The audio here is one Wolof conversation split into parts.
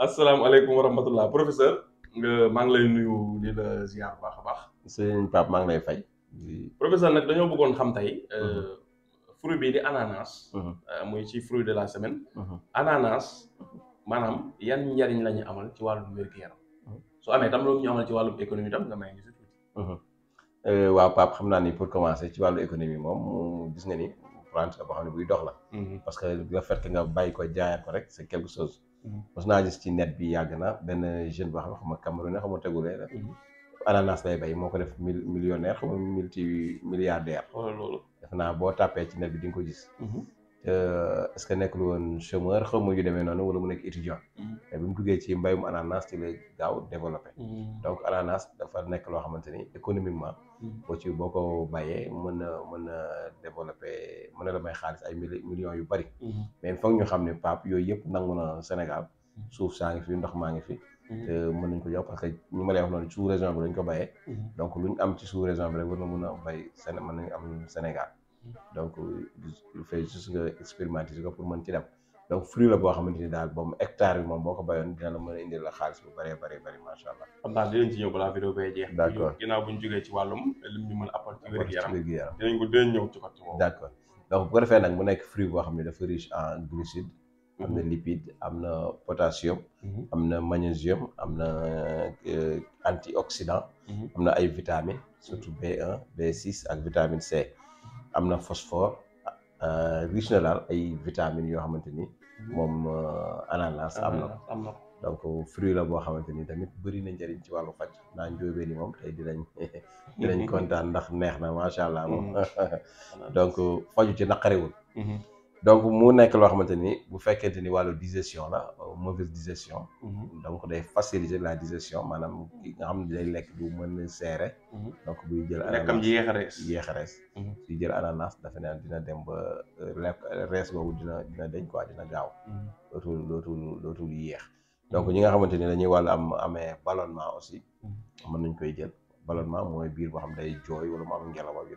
asalaamaaleykum wa rahmatullah professeur maa ngi lay nuyu di la ziar baax a baax. sëñ Pape maa ngi lay fay. professeur nag dañoo bëggoon xam tey. Euh, mhm. fruit bii di ananas. Mhm. Euh, muy ci fruit de la semaine. Mhm. ananas maanaam yan njariñ la ñu amal ci wàllum wér-gu-yaram. su amee tam loolu amal ci wàllum économie tam nga may ñu si tuuti. Euh, waaw Pape xam naa ni pour commencer ci wàllu économie moom gis nga ni plante la boo xam ne buy dox la. parce que le fait nga bàyyi ko jaayaat rek c'est quelque mos naa gis ci net bi yàgg na benn jeune boo xam ne xam nga Cameroun xam nga tegulee la mhm. ananas lay bay moo ko def mil millionnaire xam nga multi milliardaire. Oh, loolu def naa boo tàppee ci net bi di ko gis. Mhm. Euh, est-ce que nekk nekkul woon chômeur xaw ma ñu demee noonu wala mu nekk étudiant. Mm-hmm. mais bi mu duggee ci mbayum ananas ci la gaaw développé. Mm-hmm. donc ananas dafa nekk loo xamante ni économiquement. Mm-hmm. boo ci boo ko bàyyee mën na mën na développé mën na la may xaalis ay millions yu bari. mais foog ñu xam ne Pape yooyu yëpp nangu na Sénégal. suuf saa ngi fi ndox maa ngi fi. te mën nañ ko jox parce que ñu ma lay wax noonu sous région bi lañ ko bayee donc luñ am ci sous région bi rek war na mën a bay Séné mën nañ am Sénégal. donc il fait juste nga expérimenter ko pour man ci dem donc fruit la boo xamante ni daal boobu hectare bi moom boo ko bayoon dina la mën a indil la xaalis bu bëree bëri bëri macha allah. xam naa dinañ ci ñëw balaa a appal mu nekk fruit boo xam ne dafa riche en glucides. am na mhm. lipide am na potassium. Mhm. am na magnésium am na euh, antioxydant. Mhm. am na ay vitamines surtout B1 B6 ak vitamine C. am na phosphore euh, riche na daal ay vitamines yoo xamante ni moom euh, ananas am na am donc fruit la boo xamante ni tamit bëri na njëriñ ci wàllu faj naa njóobee ni moom tey dinañ dinañ kontaan ndax neex na macha allah moom mm-hmm. donc faju ci naqariwul mm-hmm. donc mu nekk loo xamante ni bu fekkente ni wàllu digestion la euh, mauvaise digestion. Mhm. donc day faciliter la digestion maanaam nga xam ne day lekk du mën a seere. Mhm. donc buy jël ananas lekkam ji yéex a rees yéex a rees. suy mhm. jël ananas dafa ne dina dem ba euh, lekk euh, rees boobu dina dina ko quoi dina gaaw. dootul dootul dootul yéex. donc ñi nga xamante ni dañuy wàllu am amee ballonnement aussi. mën nañ koy jël ballonnement mooy biir boo xam day jooy wala mu am ngelaw ak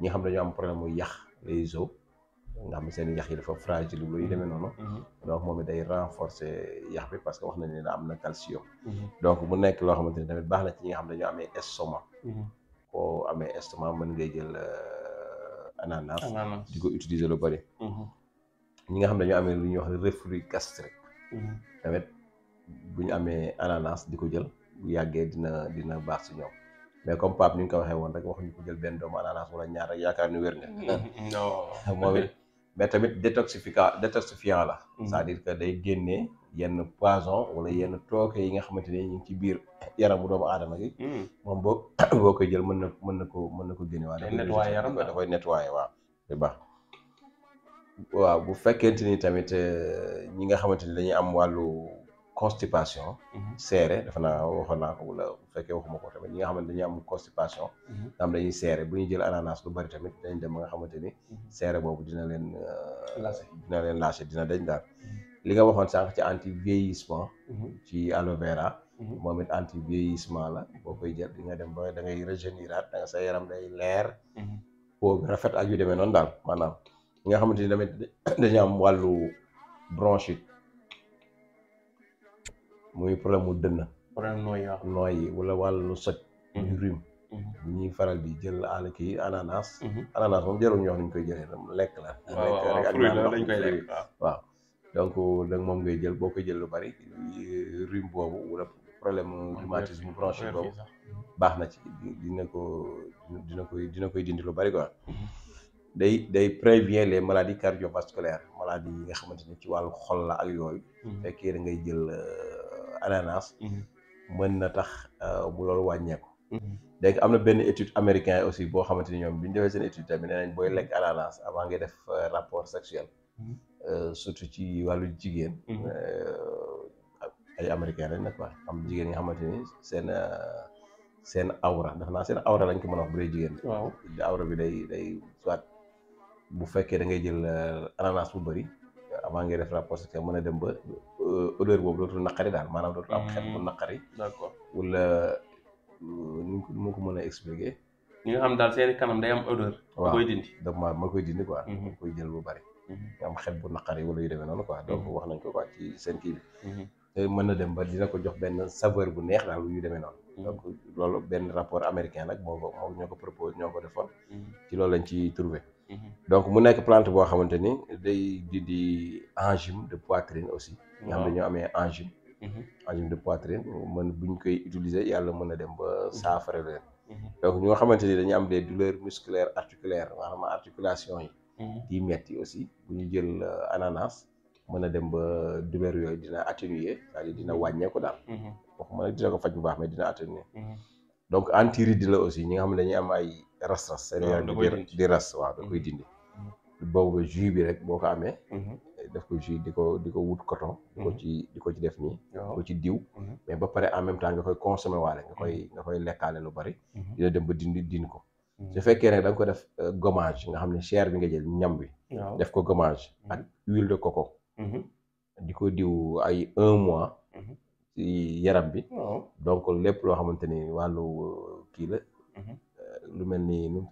ñi nga xam dañoo am problème mu yàq les os. nga xam ne seen yax yi dafa fragile lu yu demee mm-hmm. noonu. Mm-hmm. donc moom it day renforcer yax bi parce que wax nañ ne am na calcium. Mm-hmm. donc mu nekk loo xamante ne tamit baax na ci ñi nga xam ne dañoo amee estomac. koo amee estomac mën ngay jël euh, ananas. ananas di ko utiliser lu bari. nga xam ne dañoo amee lu ñuy wax reflux gastrique. tamit bu ñu amee ananas di ko jël bu yàggee dina dina baax si ñoom. mais comme Pape ni ñu ko waxee woon rek waxuñu ko jël benn doomu ananas wala ñaar rek yaakaar ni wér moom mais tamit détoxifica détoxifiant la mhm. sa à dire que day génne yenn poison wala yenn tooke yi nga xamante ne ñu ngi ci biir yaramu doomu aadama gi mhm. moom boo boo koy jël mën na mën na ko mën na ko génne waa nettoyer yaram da koy nettoyer waaw bu baax waaw bu fekkente ni tamit euh, ñi nga xamante ni dañuy am wàllu constipation. Mhm. seere dafa naa waxoon naa ko wala bu fekkee waxuma ko tamit ñi nga xamante dañuy am constipation. Mhm. am dañuy seere bu ñu jël ananas lu bari tamit dañ dem ba nga xamante ni. Mhm. seere boobu dina leen. Euh, lâché dina leen lâché dina dañ daal. li nga waxoon sànq ci anti vieillissement. ci aloe vera. moom it anti vieillissement la boo koy jël di dem ba da ngay sa yaram day leer. peau bi rafet ak yu demee noonu daal maanaam. ñi nga xamante ni tamit dañuy am wàllu bronchite. muy problème mu dënn. problème nooy yi nooy yi wala wàllu soj. ñu mhm. rhume. Mhm. bu ñuy faral di jël àll kii ananas. Mhm. ananas moom jarul ñu wax ñu koy jëlee lekk la. waaw fruit la dañ koy lekk waaw. donc nag moom ngay jël boo koy jël lu bari rhume boobu wala problème rhumatisme bronchique boobu baax na ci dina ko dina koy dina koy dindi lu bari quoi. day day prévient les maladies cardiovasculaires maladies yi nga xamante ni ci wàllu xol la ak yooyu. fekkee ngay jël. Euh, ananas mhm. mën na tax euh, bu loolu wàññeeku mhm. léegi am na benn étude américain aussi boo xamante ni ñoom bi ñu defee seen étude tamit nee nañ booy mhm. lekk ananas avant ngay def euh, rapport sexuel euh, surtout ci wàllu jigéen ay américain lañ nag quoi am jigéen nga xamante ni seen seen awra def naa seen awra lañ ko mën a wax bu dee jigéen waaw awra bi day day soit bu fekkee da ngay jël ananas bu bëri avant ngay def rapport sexuel mën a dem ba Euh, odeur boobu dootul naqari daal maanaam dootul am xet bu hmm. naqari. d'accord wala euh, nu ma ko mën a expliquer. ñi nga xam daal seen kanam day am odeur. waaw koy dindi ma koy dindi quoi. Hmm. ma koy jël bu bari. nga hmm. am xet bu naqari wala yu demee noonu quoi wax nañ ko quoi ci seen kii bi. te mën na dem ba dina ko jox benn saveur bu neex daal yu demee noonu. donc loolu benn rapport américain nag moo ko moo ñoo ko propose ñoo ko defoon. ci loolu lañ ci trouvé. donc mu nekk plante boo xamante ni day di di enzyme de poitrine aussi. nga xam ne ñoo amee angine mhm. angine de poitrine mën buñ koy utiliser yàlla mën a dem ba mhm. saafara leen mhm. donc ñoo xamante ni dañu am des douleurs musculaires articulaires maanaam articulation yi di metti aussi bu ñu jël euh, ananas mën a dem ba douleur yooyu dina atténuer c'est-à-dire dina wàññeeku daal wax nag dina ko faj bu baax mais dina atténuer donc antiride la aussi ñi nga xam dañuy am ay ras ras seen yaram di ras waaw da koy dindi boobu jus bi rek boo ko amee def ko jus di ko di ko wut koto di ko mhm. ci di ko ci def nii. ci diw. Mhm. mais ba pare en même temps nga koy consommer waale nga koy mhm. nga koy lekkaale lu bari. dina dem ba dindi din ko. su fekkee nag da nga ko def euh, gommage nga xam ne chair bi nga jël ñam bi. def ko gommage ak huile de coco. di ko diw ay un mois. ci yaram bi. donc lépp loo xamante ni wàllu euh, kii la. Euh, lu mel ni nu mu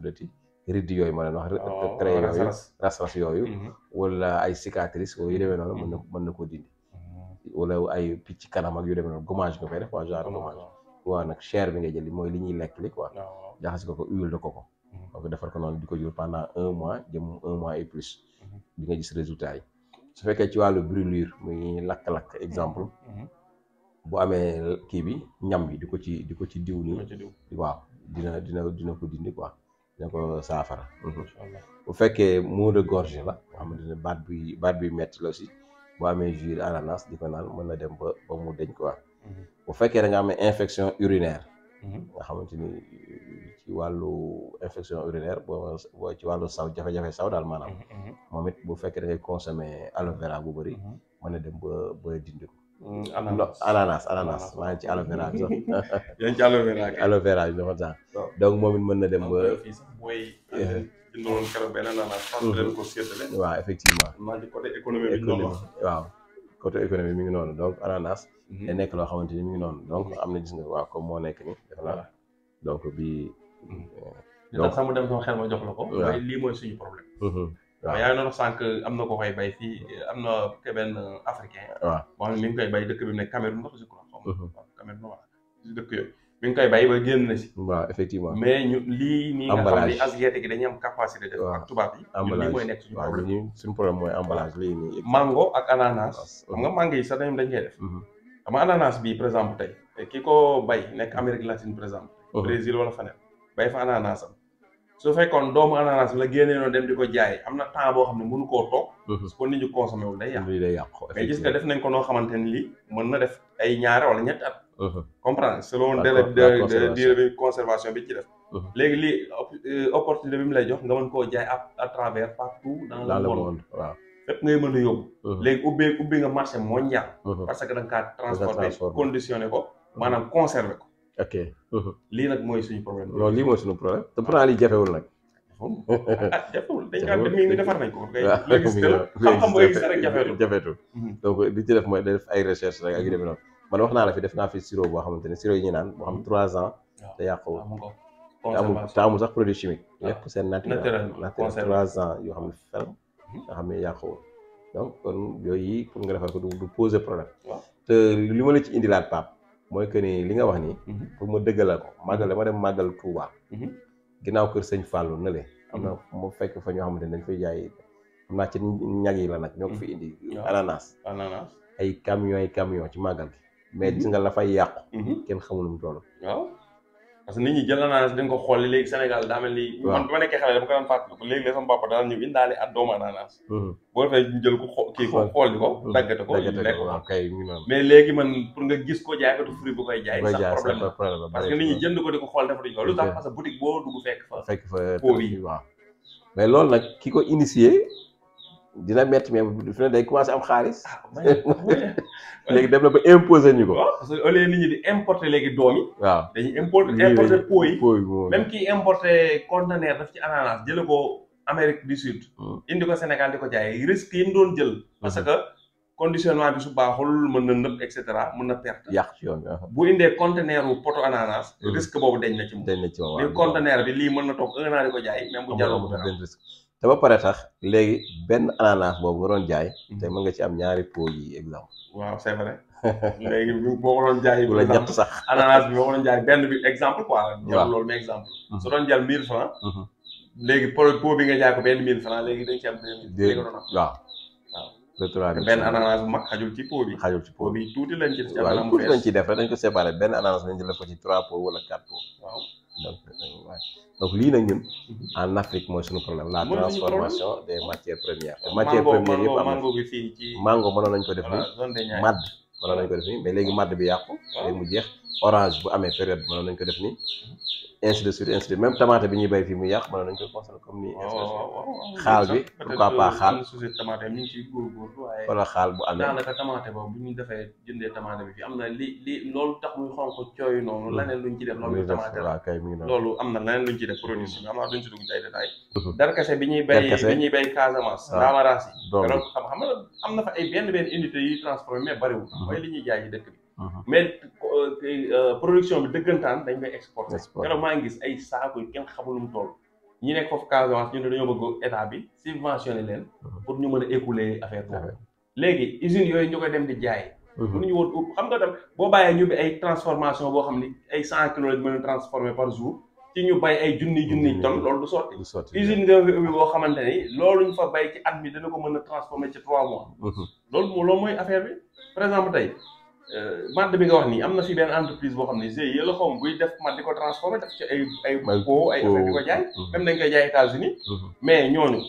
ridd yooyu ma leen wax. waaw trait oh, yooyu ras ras yooyu. Mhm. wala ay cicatrices wala yu demee noonu. mën na mhm. mën na koo dindi. Mhm. wala ay picc kanam ak yu demee noonu gommage nga koy def waa genre oh, gommage. waaw nag cher bi nga jël mooy li ñuy lekk li quoi. Oh. jaxas ko ko huile de coco. donc defar ko noonu di ko jur pendant un mois jëm un mois et plus. di nga gis résultat yi. su fekkee ci wàllu brûlure muy lakk-lakk exemple. bu amee kii bi ñam bi di ko ci di ko ci diw nii. waaw dina dina dina ko dindi quoi ça safara fait que de gorge la bi bat bi à la aussi bo amé jus ananas diko dem ba ba mu mhm. infection urinaire. Mhm. nga xamanteni ci infection urinaire bo ci walu saw saw mhm, bu da consommer aloe vera bu Mm, ananas ananas ananas maa ngi ci aloe vera aloe vera bi aloe vera donc moom it mën na dem ba. Euh, euh, jëndaloon keroog benn ananas. Mm-hmm. waaw effectivement. maa économie bi waaw. côté économie mi ngi noonu donc ananas. Mm-hmm. day nekk loo xamante ni mi ngi noonu donc mm-hmm. am na gis waaw comme moo nekk nii def donc bii. Euh, ma jox la ko. waaw yaa ngi doon sànq am na ko koy bay fii am na ke benn africain. waaw boo xam ne mi ngi koy bay dëkk bi mu nekk Cameroun la mhm. si dëkk yooyu mi ngi koy bay ba génn na si. waaw effectivement mais ñu lii. nii nga xam ne asiatique yi dañuy am capacité de. waaw ak tubaab yi. emballage nekk suñu problème waaw ñun suñu problème mooy emballage lii nii. mango ak ananas. xam nga mango yi sax dañ koy def. Mhm. xam ananas bii par exemple tey kii ko bay nekk Amérique latine par exemple. Mhm. Brésil wala feneen bay fa ananas su fekkoon doomu ananas la génnee noonu dem di ko jaay am na temps boo xam ne mënu koo toog. su mhm. ko nit ñi consommé wul day yàqu. mais gis def nañ ko noo xamante ni lii mën na def ay ñaare wala ñett at. Mhm. comprendre selon délai de durée conservation bi ci def. Mhm. léegi lii euh, opportunité bi mu lay jox nga mën koo jaay à travers partout dans le monde waaw. lépp ngay mën a yóbbu. léegi ubbee ubbi nga marché mondial. parce que da nga kaa transporté conditionné ko maanaam conservé ko. ok. lii nag mooy suñu problème. loolu lii mooy suñu problème te pourtant lii jafewul nag. jafewul dañ daan def mi mhm. donc li ci def mooy def ay recherche rek ak yu demee noonu man wax naa la fi def naa fi sirop boo xamante ne sirop yi ñu naan boo xam mhm. trois ans. te yàqu te amul te amul sax produit chimique. Ah. lépp seen yoo xam ne ferme. nga mhm. xam ne yàquwul donc kon yooyu yi pour nga defar ko du poser problème. li ma la ci indilaat Pape. mooy que ni li nga wax nii. Mhm. pour ma dëggalal ko màggal ma dem màggal Touba. Mhm. ginnaaw kër sëñ Fallou na am na mhm. mu fekk fa ñoo xam ne dañ fay jaay am naa ci ñag yi la nag. ñoo ko fi indi ananas. ananas ay camions ay camions ci màggal gi. mais gis nga la fay yàqu. kenn xamul nu mu toll. parce que nit ñi jël naa ne dañ ko xool léegi Sénégal daa mel ni. man bi ma nekkee xale dama ko daan fàttaliku léegi la sama papa daan ñëw indaale at doomu ananas. Mhm. boo defee jël kii ko xool di mhm. ko. daggate ko lekk ko mais léegi man pour nga gis ko jaaykatu fruit bu koy jaay. sax problème la parce que nit ñi jënd ko di ko xool defatuñu ko lu tax parce que boutique boo dugg fekk fa. fekk fa po bi waaw mais loolu nag ki ko initié. dina métti mais fi ne day commencé am xaalis. Ah, léegi dem na ba imposer ñu ko. waaw parce que au lieu nit di importer léegi doom yi. waaw dañuy importer importer pot yi. même kii ci ananas jële ko Amérique du Sud. Hmm. indi ko Sénégal di ko jaay risque yi doon jël. parce que conditionnement bi su baaxul mën na nëb et cetera mën na perte. yàq ci yoon bu indee conteneur wu poto ananas. Hmm. risque boobu dañ na ci moom. dañ na ci moom waaw conteneur bi lii mën na toog un an di ko jaay. même te ba pare sax léegi benn ananas boobu nga doon jaay. te mhm. mën nga ci am ñaari pot yi exemple. waaw c'est vrai léegi boo ko doon jaay. la ñett sax ananas bi boo ko doon jaay benn bi exemple quoi. waaw loolu mais exemple. Mhm. su doon jël 1000 francs mhm. léegi pot bi nga jaay benn 1000 francs léegi da nga ci am. léegi waaw waaw. benn ananas bu mag xajul ci po bi. xajul ci po bi tuuti lañ ci. waaw tuuti lañ def rek dañ ko séparé benn ananas lañ jël ko ci 3 pot wala 4 pot. waaw. donc lii nag ñun en Afrique mooy suñu problème la transformation des matières premières matières premières yëpp am na mango mënoon nañ ko def nii madd mënoon nañ ko def nii mais léegi madd bi yàqu léegi mu jeex orange bu amee période mënoon nañ ko def nii ainsi de suite ainsi de même tomate bi ñuy béy fii muy yàq mën nañ ko consoler comme ni oh, oh, oh, xaal xaal wala xaal bu amee daanaka tomate ba bu ñu defee jëndee bi fii am na li li loolu tax muy xonq noonu laneen luñ ci def loolu tomate la kay mi ngi noonu loolu am na laneen am naa darkase bi ñuy béy Casamance ah. daamaraas yi am na fa ay benn benn unité yuy transformé mais bariwul mhm. mooy li ñuy jaay yi dëkk bi Uh-huh. mais euh, euh, production bi dëggantaan dañ koy exporté. exporté keroog gis ay saako yu kenn xamul mu toll. ñi nekk foofu Casamance ñu ne dañoo bëgg état bi subventionné leen. Uh-huh. pour ñu mën a écouler affaire boobu. léegi usines yooyu ñu koy dem di jaay. lu mënuñu woon xam nga dem boo bàyyee ñu bi ay transformation boo xam ni ay cent kilos lañ mën a transformé par jour. ci ñu bay ay junni junni tonnes loolu du sotti. du sotti usine nga fi ubbi boo xamante ni loolu ñu fa bay ci at mi dana ko mën a transformé ci trois mois. Uh-huh. loolu loolu mooy affaire tey. Euh, madd bi nga wax nii am na fi benn entreprise boo xam ne GIE la xaw buy def madd di ko transformé def ci ay ay po ay affaire di ko jaay même dañ koy jaay États-Unis mm-hmm. Mm-hmm. mais ñooñu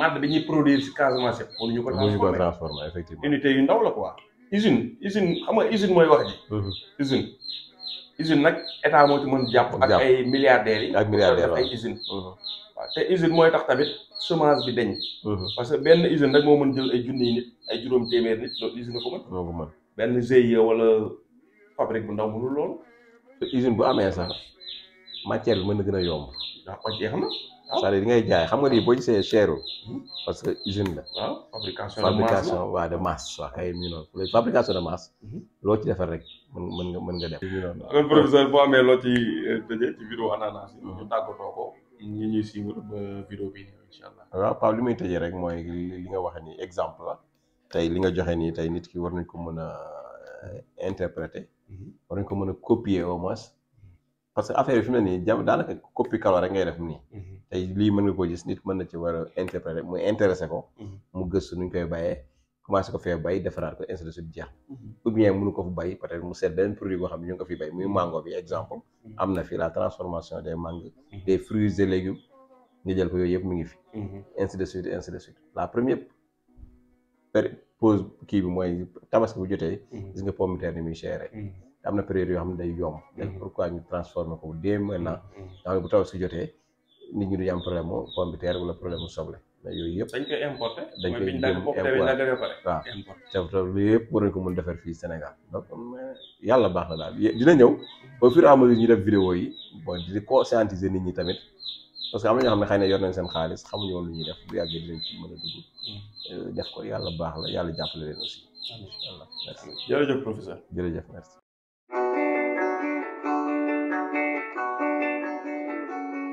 madd bi ñuy produire si Casamance yëpp mënuñu ko transformé unité yu ndaw la waa usine usine xam nga usine mooy wax ji mm-hmm. usine usine nag état moo ci mën jàpp ak ay milliardaires yi ak milliardaires ay usine waaw te usine mooy tax tamit semence bi deñ parce que benn usine rek moo mën jël ay junni nit juróom téeméer nit loolu ko benn GIE walla fabrique bu ndaw mënul loolu. te bu amee sax matière bi mën na gën a yomb. ndax ko jeex na. c'est-à-dire di ngay jaay xam nga ni boo gisee cherul. Hmm? parce que usine la. waaw fabrication de masse fabrication waaw de masse waaw kay mi noonu de masse. Hmm? loo ci defar rek mën mën nga mën nga def. loolu boo amee loo ci euh, tëjee ci vidéo ananas yi. Hmm. ñu tàggatoo ko. ñi ñuy suivre ba vidéo bi incha allah. waaw Pape li may tëjee rek mooy li nga wax ni exemple la. tey li nga joxe nii tey nit ki war nañ ko mën a eh, interpréter mhm. war nañ ko mën a copier au moins parce que affaire yi fi ne nii jàpp daanaka copie kalo ngay def nii mhm. tey lii mën nga koo gis nit mën na ci war a interpréter mu intéressé ko mhm. mu gëstu nu ñu koy bàyyee commencé ko fee bay defaraat ko ainsi de suite jeex ou bien ko fi bay peut-être mu seet beneen produit boo xam ne ñu ngi ko fi bay muy mango bi exemple am na fi la transformation des mangues des fruits et légumes nga jël ko yooyu yëpp mu ngi fi ainsi de suite ainsi de suite la première pause kii bi mooy tabaski bu jotee. Mhm. gis nga pomme de ni muy chéré. Mhm. am na période yoo xam ne day yomb. Mhm. donc pourquoi ñu transformé ko dès maintenant. nga bu tabaski jotee nit ñi duñu am problème mu pomme de terre wala problème mu soble. yooyu yëpp dañ koy importé. dañ koy importé waaw yëpp war nañ ko mën defar fii Sénégal donc yàlla baax na daal dina ñëw au fur et à mesure ñu def vidéo yi bon di conscientiser nit ñi tamit. parce que am na ñoo xam ne xëy na yor nañ seen xaalis xamuñu lu ñuy def bu yàggee dinañ ci mën a dugg. Mm. Euh, def ko yàlla baax la yàlla jàppale leen aussi. a allah merci jërëjëf professeur jërëjëf merci.